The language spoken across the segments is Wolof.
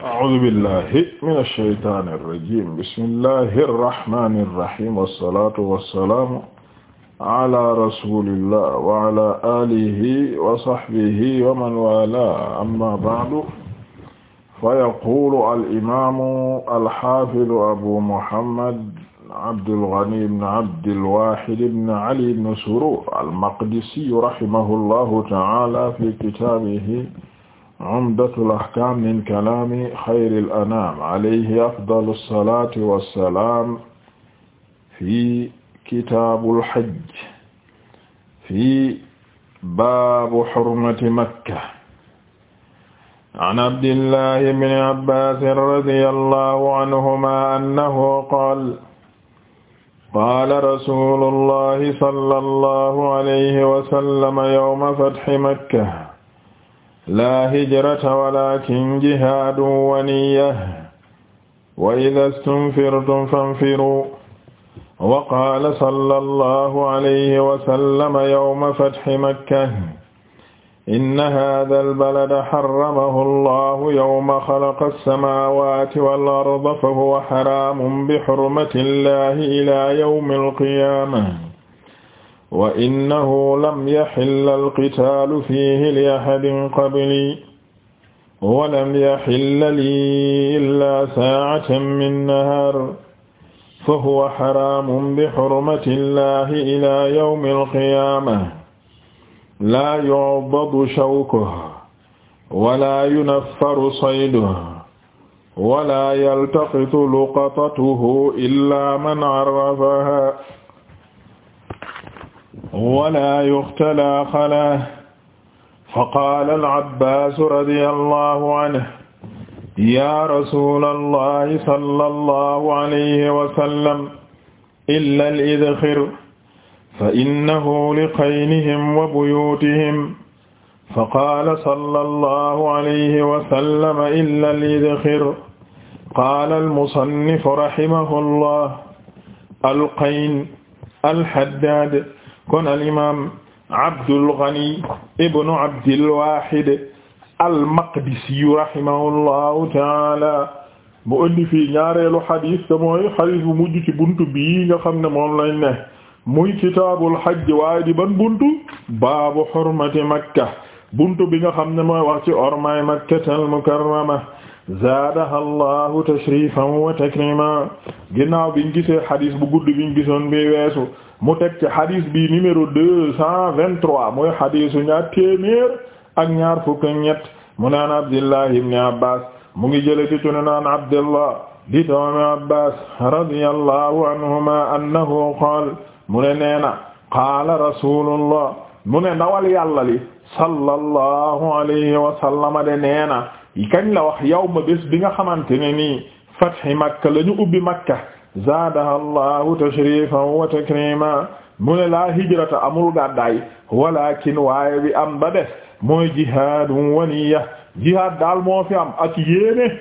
a'uuzu billahi mina shaytaani rajiim bismillahi rahmaani rahiim wassalaatu wassalaamu ala rasuulillah wa ala aalihi wa sahbihi wa man waalaahu amma ba'du fa yaquulu al-imaamu al-haafidu abu muhammad abdul ghani ibn abdil waahid ibn ali ibn suruur al-maqdisi rahimahullahu ta'aala fi kitaabihi umdatul ahkaam min kalaami xayril anaam alayhi afdalu salaati wa salaam fi kitaabul hajj fi baabu hurmati makka. an abdillahi ibni abbaasin radiyallahu anhumaa annahu qaala qaala rasuulullahi sallallahu alayhi wa sallam yawma fathi makka laa hijrata walakin jihaadun wa niyya wa idaa stunfirtum fanfiruu wa qaala sallallahu alayhi wa sallam yawma fathi makka inna haadhal balada harramahu allahu yawma khalaqa as-samaawaati wal arda fahuwa haraamun bi hurmati llahi ilaa yawmil qiyaamah wa innahu lam yaxilla alqitaalu fiihi li ahadin qabli wa lam yaxilla lii illaa saa'atan min nahaar fa huwa xaraamun bi xurmati llaahi ilaa yawmi alqiyaamati laa yu'badu shawkuhu wa laa yunaffaru sayduhu wa laa yaltaqitu luqatatuhu illaa man arrafahaa wala yuxtala xala faqaala al-Abbaas radiyallahu anhu yaa rasuulallahi sallallahu alayhi wa sallam illa al-idxir fa innahu liqaynihim wa buyuutihim faqaala sallallahu alayhi wa sallam illa al-idxir qaala al-musannif rahimahullah al-qayn al-haddaad kon al imaam Abdul Ghani ibnu Abdil Wahid al Maqdisi rahimahullahu taala mu indi fii ñaareelu xadis te mooy bu mujj ci buntu bii nga xam ne moom lañ ne muy kitaabul hajj waaye di ban buntu baabu xurmati makka buntu bi nga xam ne mooy wax ci ormaay makkatal zaadaha allahu tashrifan wa takrima ginnaaw biñ gisee xadis bu gudd biñ gisoon bi weesu mu teg ci xadis bi numéro deux cent vingt-trois mooy xadisu ñaar téeméer ak ñaar fukk ak ñett mu naan Abdullah ibn Abbas mu ngi jële ci tunu naan Abdullah anhuma annahu qaal mu ne nee na qaala rasulullah mu ne ndawal yàlla li sallallahu alayhi de nee na kañ la wax yow ma bés bi nga xamante ne nii fathi Makka la ñu ubbi Makka zaadaha allahu tashrifan wa takrima mu ne laa hijrata amul gàddaay walakin waaye bi am ba des mooy jihaadun waniya jihaad daal moo fi am ak yéene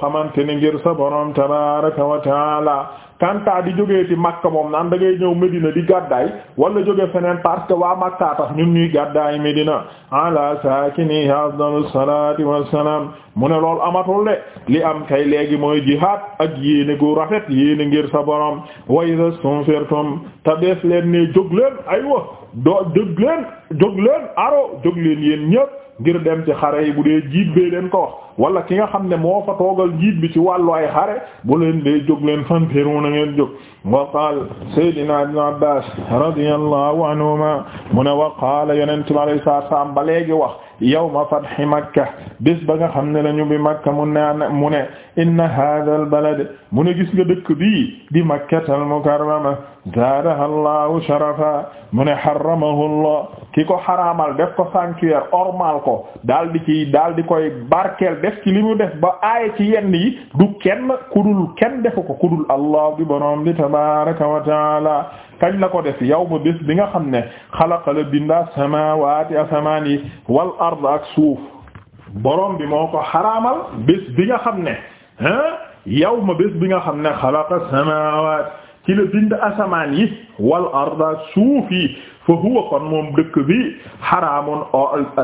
xamante ne ngir sa borom wa taala kanta di jóge ci Makka moom naan da ngay ñëw Medina di gàddaay wala jóge feneen parce que waa Makka tax ñun ñuy gàddaay Medina ala saakini afdalu salaati wassalaam mu ne loolu amatul de li am kay léegi mooy jihaad ak yéene gu rafet yéene ngir sa borom wa iza stunfirtum te dees leen ne jóg leen aywa doo jóg leen jóg leen aro jóg leen yéen ñëpp ngir dem ci xare yi bu dee jiit bee leen ko wax wala ki nga xam ne moo fa toogal jiit bi ci wàllu ay xare bu leen leen fanfiruna na ngeen jóg wa qaal sayyidina ibn abbas radiyallahu anhuma mu ne wa qaala yonente mi alayhi salaatu salaam ba léegi wax yawma fathi makka bés ba nga xam ne lañu bi makka mu ne mu ne inna haadha al balad mu ne gis nga dëkk bii di makkatal mukarrama zaadaha llahu sharafa mu ne ki ko xaraamal def ko sanctuaire ormal ko daal di ci daal di koy barkel def ci li mu def ba aaya ci yenn yi du kenn kudul kenn defu ko kudul allah bi borom bi tabaraka wa taala kañ la ko def yawma bés bi nga xam ne xalaqa la binda samawati asamaan yi wal ard ak suuf borom bi ko xaraamal bés xam ne ah yawma bés bi nga xam ne xalaqa samawat ci la bind asamaan yi wal arda suuf yi fa huwa kon moom dëkk bi xaraamun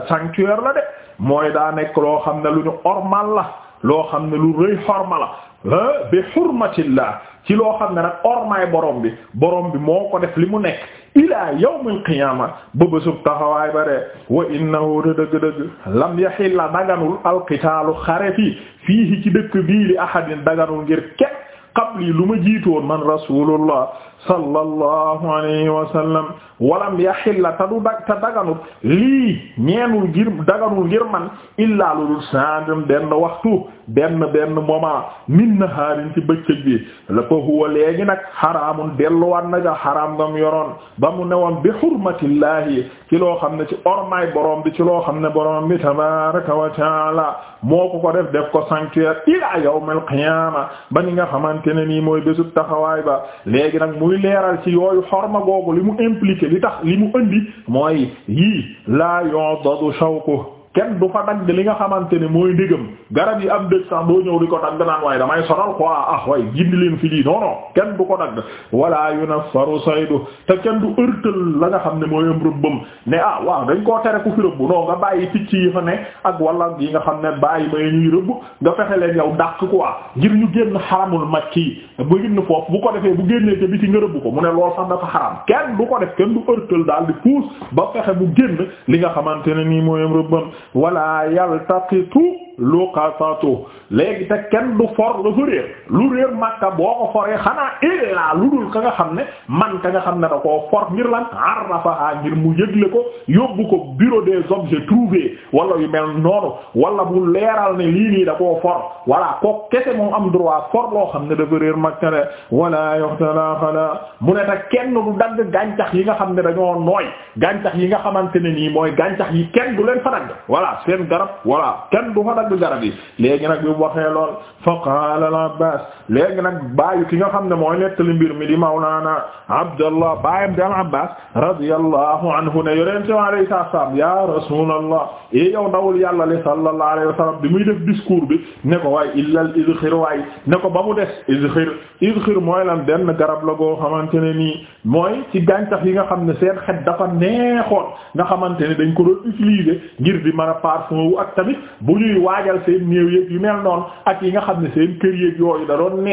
sanctuaire la de mooy daa nekk loo xam ne lu ñu ormal la loo xam ne lu rëy xorma la bi hurmatillah ci loo xam ne nag ormaay borom bi borom bi moo ko def li mu nekk ilaa yawmil qiyaama ba bésub taxawaay ba de wa innahu te dëgg-dëgg lam yaxilla daganul alqitaalu xare fii fii ci dëkk bii li ahadin daganul ngir kenn qabli lu ma jiitoon man rasulullah sallallahu alayhi wa sallam walam yaxilla te du dag te daganut lii ñeenul ngir daganul ngir man illaa lu dul sangam benn waxtu benn benn moment min nahaarin ci bëccëg bi la ko huwa léegi nag xaraamun delluwaat na nga xaraam nga mu yoroon ba mu newoon bi xurmatillahi ci loo xam ne ci ormaay borom bi ci loo xam ne borom bi tabaraka wa taala moo ko ko def def ko sanctuaire ila yawmal qiyaama ba ni nga xamante ne nii mooy bésu taxawaay ba léegi nag muy leeral ci yooyu xorma googu li mu impliqué li tax li mu indi mooy yii laa yodadu shawku kenn du fa dagg li nga xamante ne mooy ndigam garab yi am dëj sax boo ñëw di ko dagg naan waaye damay sonal quoi ah waaye gindi leen fi lii non non kenn du ko dagg wala yunaffaru saydu te kenn du ërtal la nga xam ne mooy am rëbbam ne ah waaw dañ koo tere ku fi rëbb non nga bàyyi picc yi fa ne ak walla yi nga xam ne bàyyi may ñuy rëbb nga fexe leen yow dàq quoi ngir ñu génn xaramul makki bu génn foofu bu ko defee bu génnee te biti nga rëbb ko mu ne lool sax dafa xaram kenn du ko def kenn du ërtal daal di puus bu génn li nga xamante ne nii mooy wala yaltaqitu luqatatu léegi te kenn du for lu réer lu réer makka boo ko foree xanaa illaa lu dul ka nga xam ne man ka nga xam ne da koo for ngir lan arrafaha ngir mu yëgle ko yóbbu ko bureau des objets trouvés wala yu mel noonu wala bu leeral ne lii nii da koo for wala ko kese moom am droit for loo xam ne dafa réer makka ne wala yoxtala xala mu ne te kenn du dagg gàncax yi nga xam ne dañoo nooy gàncax yi nga xamante ne nii mooy gàncax yi kenn du fa voilà seen garab voilà kenn du fa dagg garab yi léegi nag bi mu waxee lool fa qaala al abbas léegi nag baayu ki nga xam ne mooy nettali mbir mi di mawlaana abdallah baayam di al abbas radiyallahu anhu ne yonente mi alayhi salaatu salaam ya rasulallah e yow ndawul yàlla li sallallahu alayhi wa sallam bi muy def discours bi ne ko i illal izxir waay ne ko ba mu des izxir izxir mooy lan benn garab la goo xamante ne nii mooy ci gàncax yi nga xam ne seen xet dafa neexoon nga xamante ne dañ ko doon utiliser ngir di mën a parfum wu ak tamit bu ñuy waajal seen néew yëpp yu xam ne seen kër neex yooyu da doon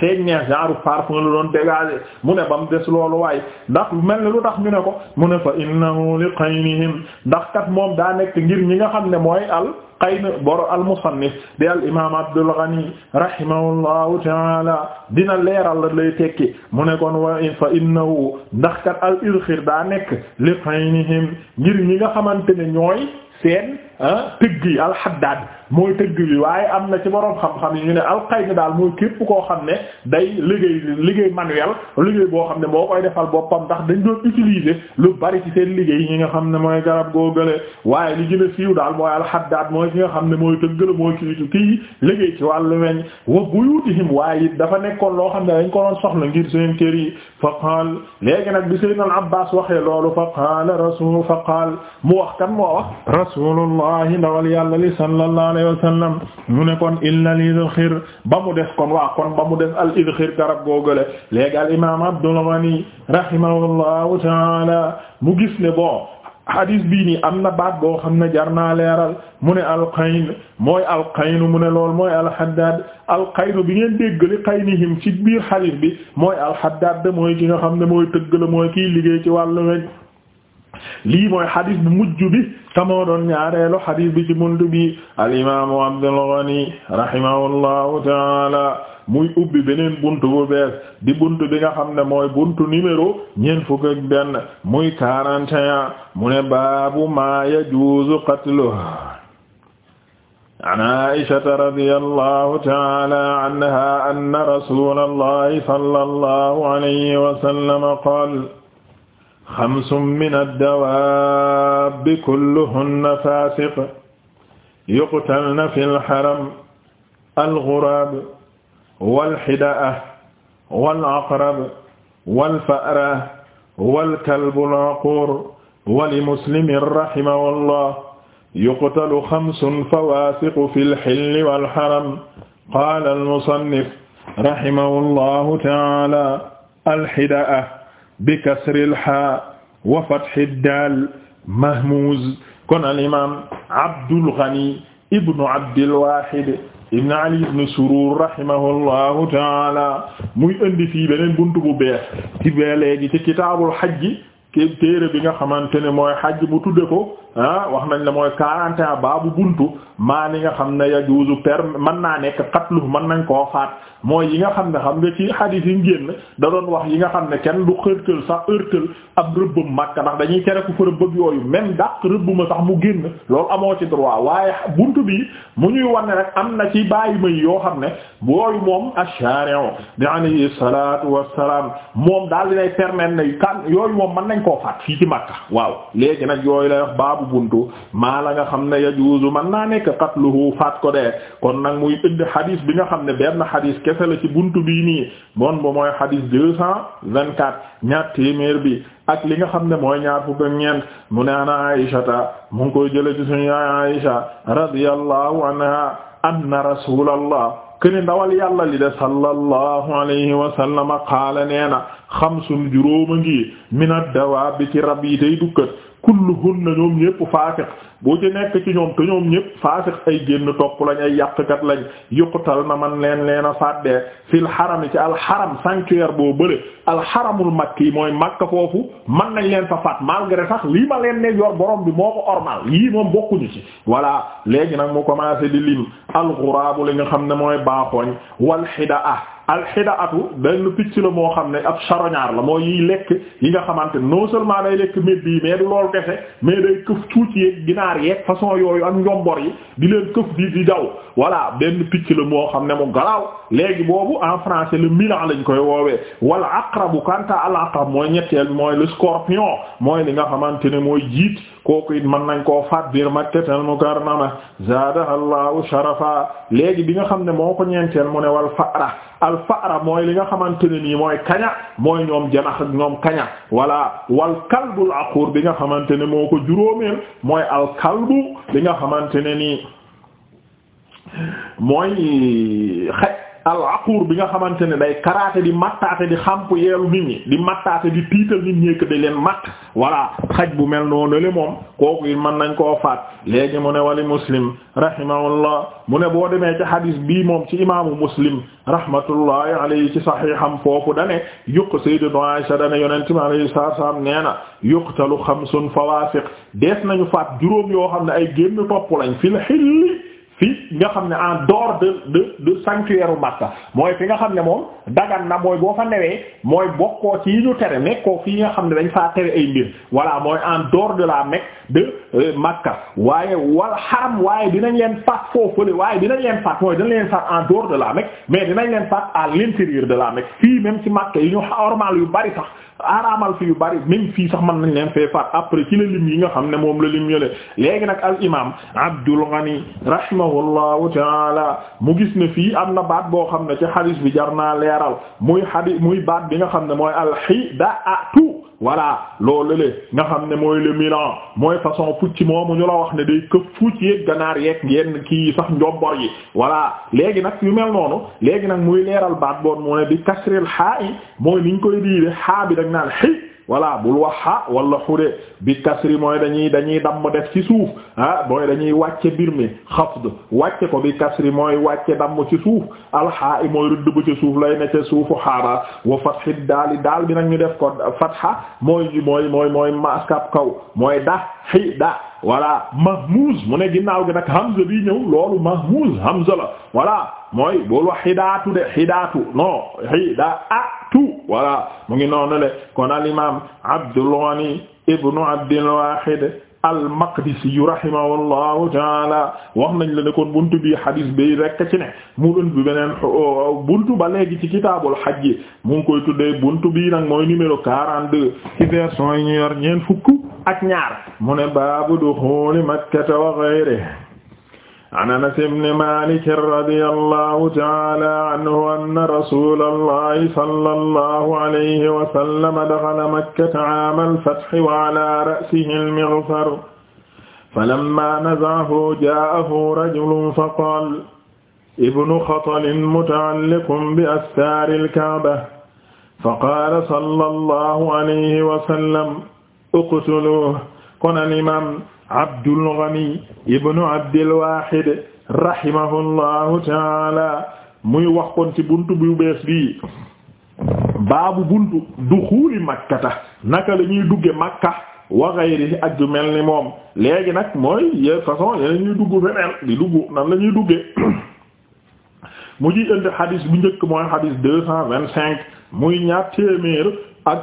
xeeñ neex genre doon dégager mu ne ba mu des loolu waaye ndax mel ni lu tax mu ne ko mu ne fa innahu li qaynihim ndax kat moom daa nekk ngir ñi nga xam ne mooy al qayn bor al musannif di al imaam Abdul Ghani rahimahullahu taala dina leeral la lay tekki mu ne kon wa fa innahu ndax kat al idxir daa nekk li qaynihim ngir ñi nga xamante ne ñooy seen Ah tëgg yi alxaddaad mooy tëgg bi waaye am na ci boroom xam-xam yi ñu ne alxayd daal mooy képp koo xam ne day liggéey liggéey manuel liggéey boo xam ne moo koy defal boppam ndax dañ doon utiliser lu bari ci seen liggéey ñi nga xam ne mooy garab goo gële waaye li gën a siiw daal mooy alxaddaad mooy ki nga xam ne mooy tëgg la mooy kii kii liggéey ci wàllu weñ wa buyutihim waaye it dafa nekkoon loo xam ne dañ ko doon soxla ngir seen kër yi fa qaal léegi nag bi Sayyidina Abbaas waxee loolu fa qaala mu wax kan moo rasulullahi ndawal yàlla li sallallahu alayhi wa sallam mu ne kon illa lidxir ba mu des kon waa kon ba mu des al idxir garab googale léegi al imam Abdul Ghani rahimahullahu taala mu gis ne bon hadis bii nii am na baat boo xam ne jar naa leeral mu ne alqayn mooy alqaynu mu ne lool mooy alhaddad alqaynu bi ngeen dégg li qaynihim ci biir hadis bi mooy alhaddad mooy ki nga xam ne mooy tëgg la mooy kiy liggéey ci wàllu weñ lii mooy xadis bu mujj bi tamoo doon ñaareelu xadis bi bunt bi al Abdul Ghani rahimahullahu taala muy ubbi beneen buntu bu bees di buntu bi nga xam ne mooy buntu numéro ñeent fukk ak muy quarante et un mu ne baabu maa yajuuzu qatluhu an aishata radiyallahu taala anha anna rasulallahi sallallahu alayhi wa sallam qaala xamsun min ad-dawaabbi kulluhunna faasiq yuqtalna fi lxaram alxuraab walxidaa walaqrab walfa'ra walkalbu laaquur walimuslimin rahimahullaah yuqtalu xamsun fawaasiqu fi lxilli walxaram qaala almusannif rahimahullaahu ta'aalaa alxidaa bi kasril ha wa fathid daal mahmuz kon al imaam Abdul Ghani ibnu Abdil Wahid ibnu Ali ibnu Surur rahimahullahu taala muy indi fii beneen buntu bu bees ci bee léegi ci kitaabul hajj képp téere bi nga xamante ne mooy xaj bu tudde ko ah wax nañ la mooy quarante et un baabu buntu nga xam ne yajuuzu per mën naa nekk xatlu mën nañ koo xaat mooy yi nga xam ne xam nga ci xadiis yi génn da doon wax yi nga xam ne kenn du xërtal sax ërtal ab rëbbam Makka ndax dañuy tere ko fa rëbbëg yooyu même dàq rëbbuma sax mu génn loolu amoo ci droit waaye buntu bi mu ñuy wane rek am na ci bàyyi may yoo xam ne booyu moom ash-shari'u bi alayhi salaatu wassalaam moom daal dinay permettre ne kan nañ faat fii ci Makka waaw léegi nag yooyu lay wax baabu buntu maa la nga xam ne yajuuzu man naa nekk qatluhu faat ko dee kon nag muy indi xadis bi nga xam ne benn xadis kese la ci buntu bii nii bon ba mooy xadis deux cent vingt quatre ñaar téeméer bi ak li nga xam ne mooy ñaar fukk ak ñeent mu ne ana Aysata mu ngi koy jële ci suñu Aysa radiyallahu anha anna rasulallah këne ndawal yàlla li de sallallahu alayhi wa sallam qaala nee na xamsun juróoma ngi minad dawaabi ci rab yi tey dukkat kulluhunna ñoom ñëpp faasiq boo ci nekk ci ñoom te ñoom ñëpp faasiq ay génn topp lañ ay kat lañ yuqtal na man leen leen a fàddee fil xaram ci al alxaram sanctuaire boo al bële alxaramul makki mooy makka foofu mën nañ leen fa faat malgré sax lii ma leen ne yor borom bi moo ko ormal yii moom bokkuñu ci voilà léegi nag mu commencé di lim alxuraabu li nga xam ne mooy baaxooñ wal a alxidaatu benn picc la moo xam ne ab charognard la moo yiy lekk yi nga xamante non seulement day lekk medd yi mais du loolu kese mais day këf tuuti yeeg ginaar yeeg façon yooyu ak njombor yi di leen këf di di daw voilà benn picc la moo xam ne mu garaaw léegi boobu en français le milan lañ koy woowee wala aqrabu kanta al aqrab mooy ñetteel mooy le scorpion mooy li nga xamante ne mooy jiit kooku it mën nañ koo faat biir makkatal mukarrama zaadaha allahu sharafa léegi bi nga xam ne moo ko ñeenteel mu ne wal fa'ra al fa'ra mooy li nga xamante ne nii mooy kaña mooy ñoom janax ak ñoom kaña wala wal kalbul aqur bi nga xamante ne moo ko juróomeel mooy al kalbu li nga xamante ne nii mooy xaj al aquur bi nga xamante ne day karaate di mattaate di xamp yeelu nit ñi di mattaate di tiital nit ñi di leen matt voilà xaj bu mel noonu le moom kooku it mën nañ koo faat léegi mu ne wali muslim rahimahullah mu ne boo demee ci hadis bii moom ci imaamu muslim rahmatullahi alayhi ci saxiixam foofu dane yuq sayyidatu Aisha dane yonent mi alayhi salaatu salaam nee na yuqtalu xamsun fawaasiq dees nañu faat juróom yoo xam ne ay génn topp lañ fil hilli fi nga xam ne en dehors de de de sanctuaire Makka mooy fi nga xam ne moom dagan na mooy boo fa newee mooy bokkoo ci yi ñu tere nekkoo fi nga xam ne dañ faa tere ay mbir voilà mooy en dehors de la Mecque de euh, Makka waaye wal xaram waaye dinañ leen faat foofule waaye dinañ leen faat mooy dinañ leen faat en dehors de la Mecque mais dinañ leen faat à l'intérieur de la Mecque fii même ci Makka yi ñu xormal yu bari sax araamal fi yu bari même fii sax mën nañ leen fee faat après ci la lim yi nga xam ne moom la lim yële léegi nag al imam Abdul Ghani rahimahullahu taala mu gis ne fii am na baat boo xam ne ci xadis bi jar naa leeral muy xadis muy baat bi nga xam ne mooy al hidaatu voilà loolu le nga xam ne mooy le milan mooy façon fucci moomu ñu la wax ne day këf fucc yeeg ganaar yeeg yenn kii sax njombor yi voilà léegi nag yu mel noonu léegi nag muy leeral baat boon mu ne di kasril xaa i mooy niñ koy diide xaa bi dag naan xëy voilà bul wax ha wala xude bi kasri mooy dañuy dañuy mo def ci suuf ah mooy dañuy wàcce mbir mi xafd wàcce ko bi kasri mooy dam damm ci suuf alxaa i mooy rëdd ba ci suuf lay ne ca suufu xaaba wa fatxi daali daal bi nag ñu def ko fatxa mooy mooy mooy mooy maskab kaw mooy da xi da voilà mahmuz mu ne ginnaaw gi nag hamza bi ñëw loolu mahmuz hamza la voilà mooy boolu wax xidaatu de xidaatu non xida ah tout voilà mu ngi noonu le kon al imam Abdul Ghani ibnu Abdul Wahid al-Maqdisi rahimahullahu ala wax nañ la ne kon buntu bi hadis bi rek ci ne mu doon bi beneen euh, buntu ba léegi ci kitaabul hajj mu ngi koy tuddee buntu bi nag mooy numéro 42 ci version yi ñu yor ñeent fukk ak ñaar mu ne baabu duxuuli makkata wa an anas ibni malik radi allahu taala anhu anna rasula allahi sala allahu alayhi wasallama daxala makkata aama alfatxi wa ala ra'sihi almigfar falamma nazacahu jaa'ahu rajulun faqaal ibnu xatalin mutacalliqun bi astaari alkaaba faqaala sala allahu alayhi wasallam uqtuluuhu kon al imaam Abdul Ghani ibnu Abdil Wahid rahimahullahu taala muy wax kon ci buntu bu bees bi baabu buntu duxuuli makkata naka la ñuy dugge makka wa ghayrihi ak ju mel ni moom léegi nag mooy ye façon yene ñuy dugg feneen di dugg nan la ñuy dugge mu ji indi xadis bu njëkk mooy xadis deux cent cinq muy ñaar téeméer ak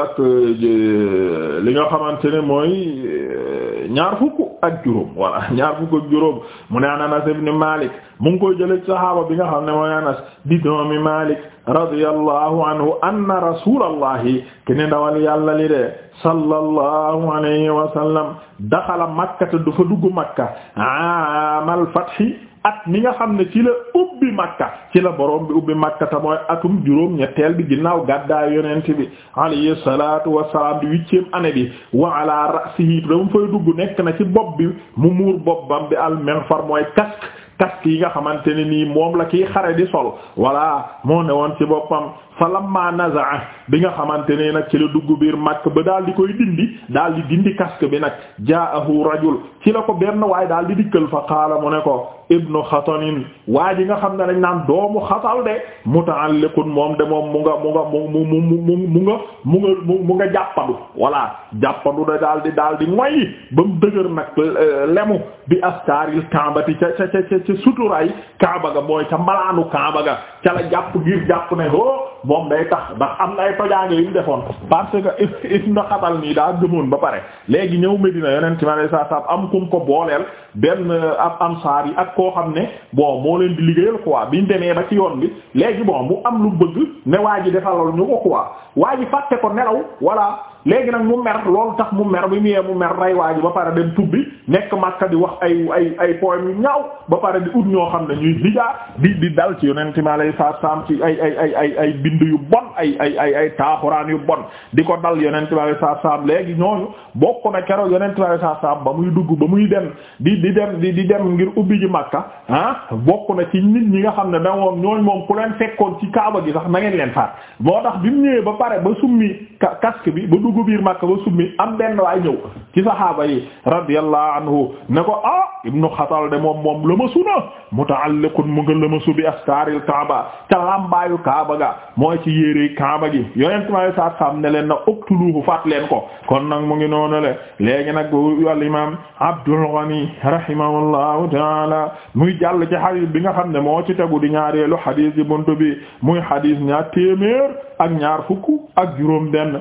ak euh, li nga xamante ne mooy euh, ñaar ak juróom voilà ñaar fukk ak juróom mu ne an Anas ibn Malik mu koy jële saxaaba bi nga xam ne mooy Anas di doomi Malik radiyallahu anhu anna rasulallahi kene dawal yàlla li de sallallahu alayhi wa sallam daxala Makka te dafa dugg Makka amal fathi at mi nga xam ne ci la ubbi makka ci la borom bi ubbi makka ta mooy atum juróom ñetteel bi ginnaaw gàddaay yonent bi alayhi salaatu wassalaam di huitième année bi wa ala ra'sihi dama fay dugg nekk na ci bopp bi mu muur boppam bi al mighfar mooy casque casque yi nga xamante ne nii moom la kiy xare di sol voilà moo ne woon ci boppam fa lamma nazaa bi nga xamante ne nag ci la dugg biir màkk ba daal di koy dindi daal di dindi casque bi nag jaahu rajul ci la ko benn waaye daal di dikkal fa qaala mu ne ko ibnu xatanin waa ji nga xam ne dañ naan doomu xatal de muta'alliqun moom de moom mu nga mu nga mu mu mu mu mu nga mu nga mu nga jàppandu voilà jàppandu da daal di daal di moyyi ba mu dëgër nag euh, lemu bi astaaril kaabati ca ca ca ca suturaay kaaba mooy ca malaanu kaaba ca la jàpp ngir jàpp ne ho oh, moom day tax ndax am na ay tojaange yu mu defoon parce que Ibn Xatal nii daa gëmoon ba pare léegi ñëw Medina yonent ci ma lay saa saa am kum ko booleel benn euh, ab ansaar yi ak koo xam ne bon moo leen di liggéeyal quoi biñ demee ba ci yoon bi léegi bon mu am lu bëgg ne waa ji defalal ñu ko quoi waa ji fàtte ko nelaw voilà. léegi nag mu mer loolu tax mu mer bi mu yee mu mer rey waa ji ba pare dem tubbi nekk Makka di wax ay ay ay poème yu ñaaw ba pare di ut ñoo xam ne ñuy hija di di dal ci yonent mi alayhi salaam ci ay ay ay ay ay yu bon ay ay ay ay taaxuraan yu bon di ko dal yonent mi alayhi salaam léegi ñooñu bokk na keroog yonent mi alayhi salaam ba muy dugg ba muy dem di di dem di di dem ngir ubbi ji Makka ah bokk na ci nit ñi nga xam ne da woon ñooñu moom ku leen fekkoon ci Kaaba gi sax na leen faat moo tax bi mu ñëwee ba pare ba summi casque bi ba dugg biir Makka ba summi am benn waay ñëw ci saxaaba yi radiyallahu anhu ne ko ah ibnu xatal de moom moom la ma suna muta'alliqun mu nga la ma subi askaaril kaaba ca lambaayu kaaba ga mooy ci yéere kaaba gi yonent ma saat sam ne leen na uktuluhu faat leen ko kon nag mu ngi noonu le léegi nag al imam Abdul Ghani rahimahullahu taala muy jàll ci hadith bi nga xam ne moo ci tegu di ñaareelu hadith yi buntu bi muy hadith ñaar téeméer ak ñaar fukk ak juróom benn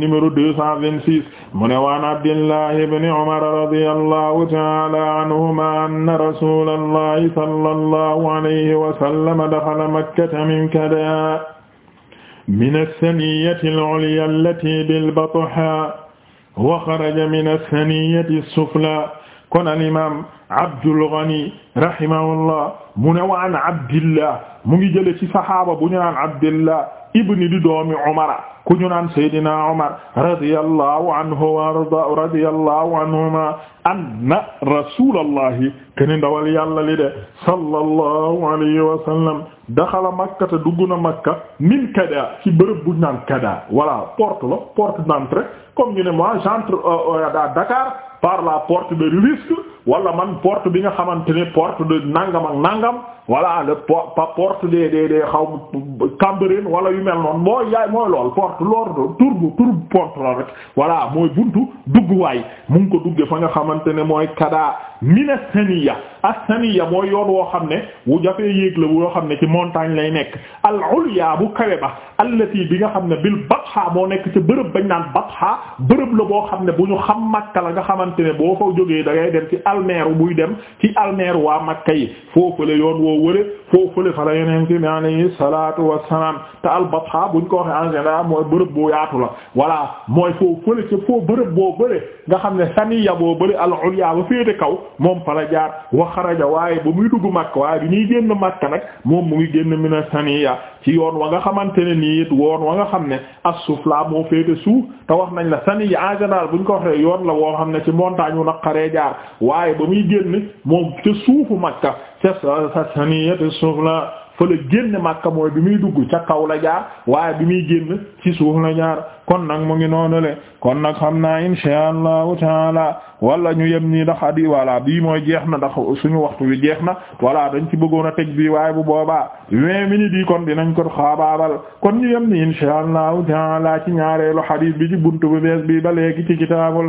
numéro deux cent vingt-six mu ne waan abdillahi ibni umar radiyallahu taala anhuma anna rasulallahi sallallahu alayhi wa sallam daxala makkata min kada min as-saniyati al-ulya allati bil-batha wa xaraja min as-saniyati as-sufla kon al-imam Abdul Ghani rahimahullah mu ne waan Abdillah mu ngi jële ci saxaaba bu ñu naan Abdillah ibni di doomi Umar ku ñu naan Seydina Umar radiyallahu anhu wa arda radiyallahu anhuma anna rasulallahi kene ndawal yàlla li de sallallahu alayhi wa sallam daxala makkata dugg na makka min kada ci bërëb bu ñu naan kada voilà porte la porte d'entrée comme ñu ne moi j'entre euh, euh, à Dakar par la porte de Rufisque wala man port bi nga xamante ne porte de nangam ak nangam voilà le pas porte des des des xaw Cambérène wala yu mel noonu mooy yaay mooy lool porte lool tur bu tur porte la rek voilà mooy buntu dugguwaay mu ko dugge fa nga xamante ne mooy kada mina saniya as-saniya mooy yoon woo xam ne wu jafee yéeg la woo xam ne ci montagne lay nekk al-ulya bu kawe ba allati bi nga xam ne bil batha moo nekk ci bërëb bañ naan batha bërëb la boo xam ne bu ñu xam Makka la nga xamante ne boo fa jógee da ngay dem ci almeeru buy dem ci almeeru waa Makka yi foofule yoon woo wële foofule fa la yeneen fi alayhi salaatu wassalaam te albatha buñ ko waxe en général mooy bërëb boo yaatu la voilà mooy foofule ci foo bërëb boo bële nga xam ne saniya boo bële al ulya ba moom fa la wa xaraja waaye ba muy dugg Makka waaye bi ñuy génn Makka nag moom mu ngi génn mina saniya ci yoon wa nga xamante ne nii it woon wa nga xam ne as-sufla moo féete suuf te wax nañ la saniya en général buñ ko waxe yoon la woo xam ne ci montagne wu naqaree jaar waaye ba muy génn moom ca suufu Makka ca saniyatu sufla fa la génn Makka mooy bi muy dugg ca kaw la jaar waaye bi muy génn ci suuf la jaar kon nag mu ngi noonule kon nag xam naa insha allahu taala wala ñu yem nii ndax adi voilà bii mooy jeex na ndax suñu waxtu wi jeex na voilà dañ ci bëggoon a teg bi waaye bu boobaa vingt minutes yi kon dinañ ko xaabaabal kon ñu yem ni insha allahu taala ci ñaareelu xadiis bi ci buntu bu bees bi ba léegi ci kitaabul